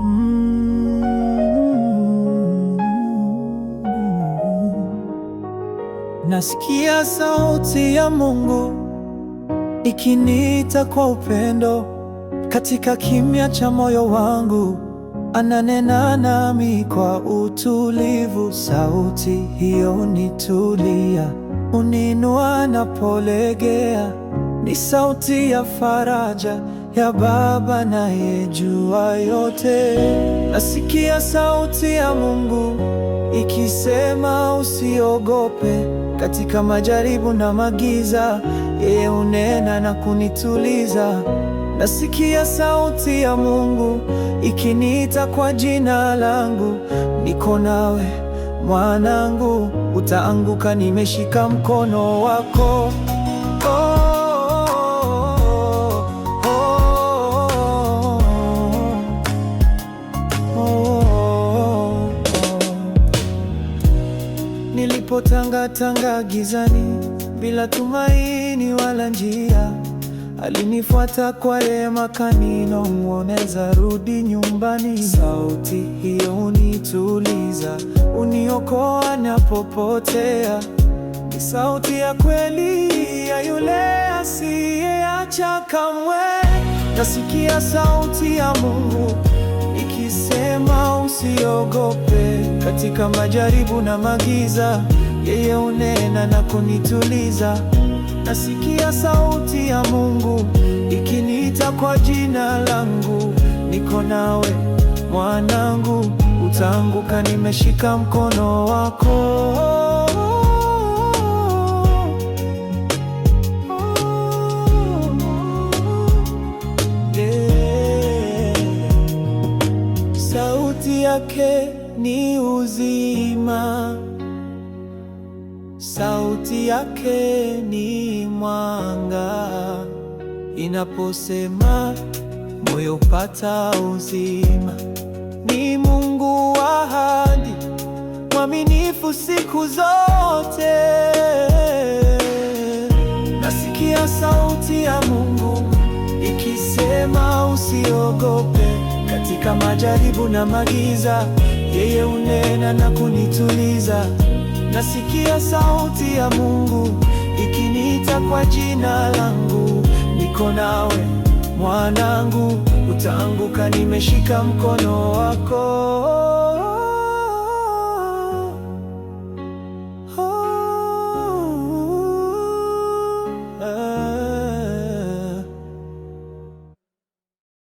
Mm-hmm. Nasikia sauti ya Mungu ikiniita kwa upendo katika kimya cha moyo wangu, ananena nami kwa utulivu. Sauti hiyo nitulia, uninua napolegea, ni sauti ya faraja ya Baba anayejua yote. Nasikia sauti ya Mungu ikisema, usiogope katika majaribu na magiza. Yeye unena na kunituliza. Nasikia sauti ya Mungu ikiniita kwa jina langu, niko nawe mwanangu, utaanguka, nimeshika mkono wako oh. Nilipotangatanga gizani bila tumaini wala njia, alinifuata kwa rehema kaninong'oneza, rudi nyumbani. Sauti hiyo unituliza, uniokoa napopotea, ni sauti ya kweli ya yule asiyeacha kamwe. Nasikia sauti ya Mungu ikisema, usiogope katika majaribu na magiza yeye unena na kunituliza. Nasikia sauti ya Mungu ikiniita kwa jina langu, niko nawe mwanangu, utaanguka, nimeshika mkono wako. Sauti yake ni uzima sauti yake ni mwanga, inaposema moyo pata uzima. Ni Mungu wa ahadi, mwaminifu siku zote. Nasikia sauti ya Mungu ikisema, usiogope katika majaribu na magiza, yeye unena na kunituliza nasikia sauti ya Mungu ikiniita kwa jina langu, niko nawe mwanangu, utaanguka, nimeshika mkono wako.